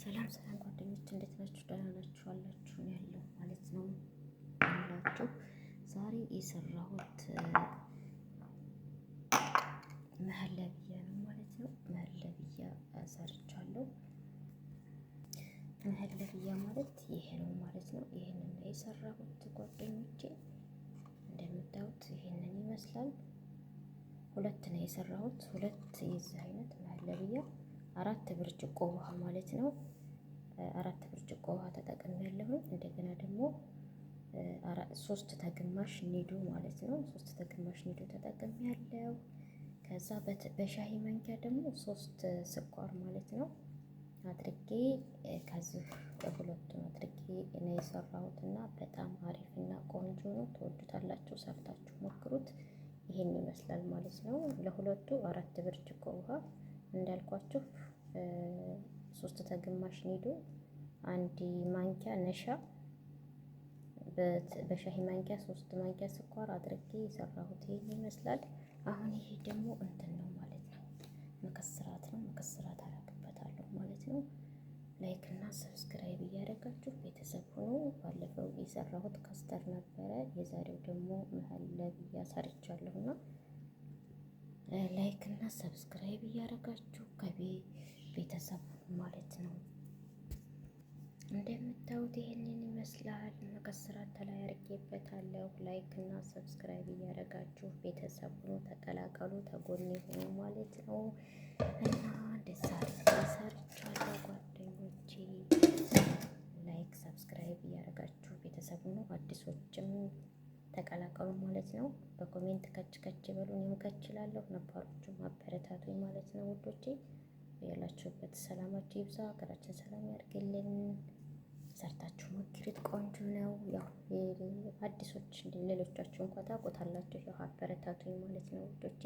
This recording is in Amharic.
ሰላም ሰላም ጓደኞች እንዴት ናችሁ? ደህና ናችሁ አላችሁ ያለው ማለት ነው ያላችሁ። ዛሬ የሰራሁት መሀለብያ ነው ማለት ነው። መሀለብያ ሰርቻለሁ። መሀለብያ ማለት ይሄ ነው ማለት ነው። ይህንን የሰራሁት ጓደኞቼ እንደምታዩት ይህንን ይመስላል። ሁለት ነው የሰራሁት፣ ሁለት የዚህ አይነት መሀለብያ አራት ብርጭቆ ውሃ ማለት ነው። አራት ብርጭቆ ውሃ ተጠቅም ያለሁ። እንደገና ደግሞ ሶስት ተግማሽ ኒዶ ማለት ነው። ሶስት ተግማሽ ኒዶ ተጠቅም ያለው። ከዛ በሻሂ ማንኪያ ደግሞ ሶስት ስኳር ማለት ነው አድርጌ ከዚህ በሁለቱን አድርጌ ነው የሰራሁት እና በጣም አሪፍ እና ቆንጆ ነው። ትወዱታላችሁ፣ ሰርታችሁ ሞክሩት። ይህን ይመስላል ማለት ነው። ለሁለቱ አራት ብርጭቆ ውሃ እንዳልኳችሁ ሶስት ተግማሽ ኒዶ፣ አንድ ማንኪያ ነሻ በሻሂ ማንኪያ ሶስት ማንኪያ ስኳር አድርጌ የሰራሁት ይሄን ይመስላል። አሁን ይሄ ደግሞ እንትን ነው ማለት ነው፣ መከስራት ነው። መከስራት አደርግበታለሁ ማለት ነው። ላይክ እና ሰብስክራይብ እያደረጋችሁ ቤተሰብ ሆኖ ባለፈው የሰራሁት ከስተር ነበረ። የዛሬው ደግሞ መሀል ለብያ ሰርቻለሁና ላይክ እና ሰብስክራይብ እያደረጋችሁ ከቤ ቤተሰብ ማለት ነው። እንደምታዩት ይህንን ይመስላል። መቀስራት ላይ አድርጌበታለሁ። ላይክ እና ሰብስክራይብ እያደረጋችሁ ቤተሰብ ሆኖ ተቀላቀሉ፣ ተጎኔ ሆኑ ማለት ነው እና እንደዛ ሰርቻለሁ ጓደኞቼ። ላይክ ሰብስክራይብ እያደረጋችሁ ቤተሰብ ሆኖ አዲሶችም ተቀላቀሉ ማለት ነው። በኮሜንት ከች ከች በሉ፣ እኔም ከች እላለሁ። ነባሮቹ ማበረታቱኝ ማለት ነው ውዶቼ። ያላችሁበት ሰላማችሁ ይብዛ፣ ሀገራችን ሰላም ያድርግልን። ሰርታችሁ ሞክሪት፣ ቆንጆ ነው። ያው አዲሶች ሌሎቻችሁ እንኳ ታውቁታላችሁ። ያው አበረታቱኝ ማለት ነው ውዶቼ።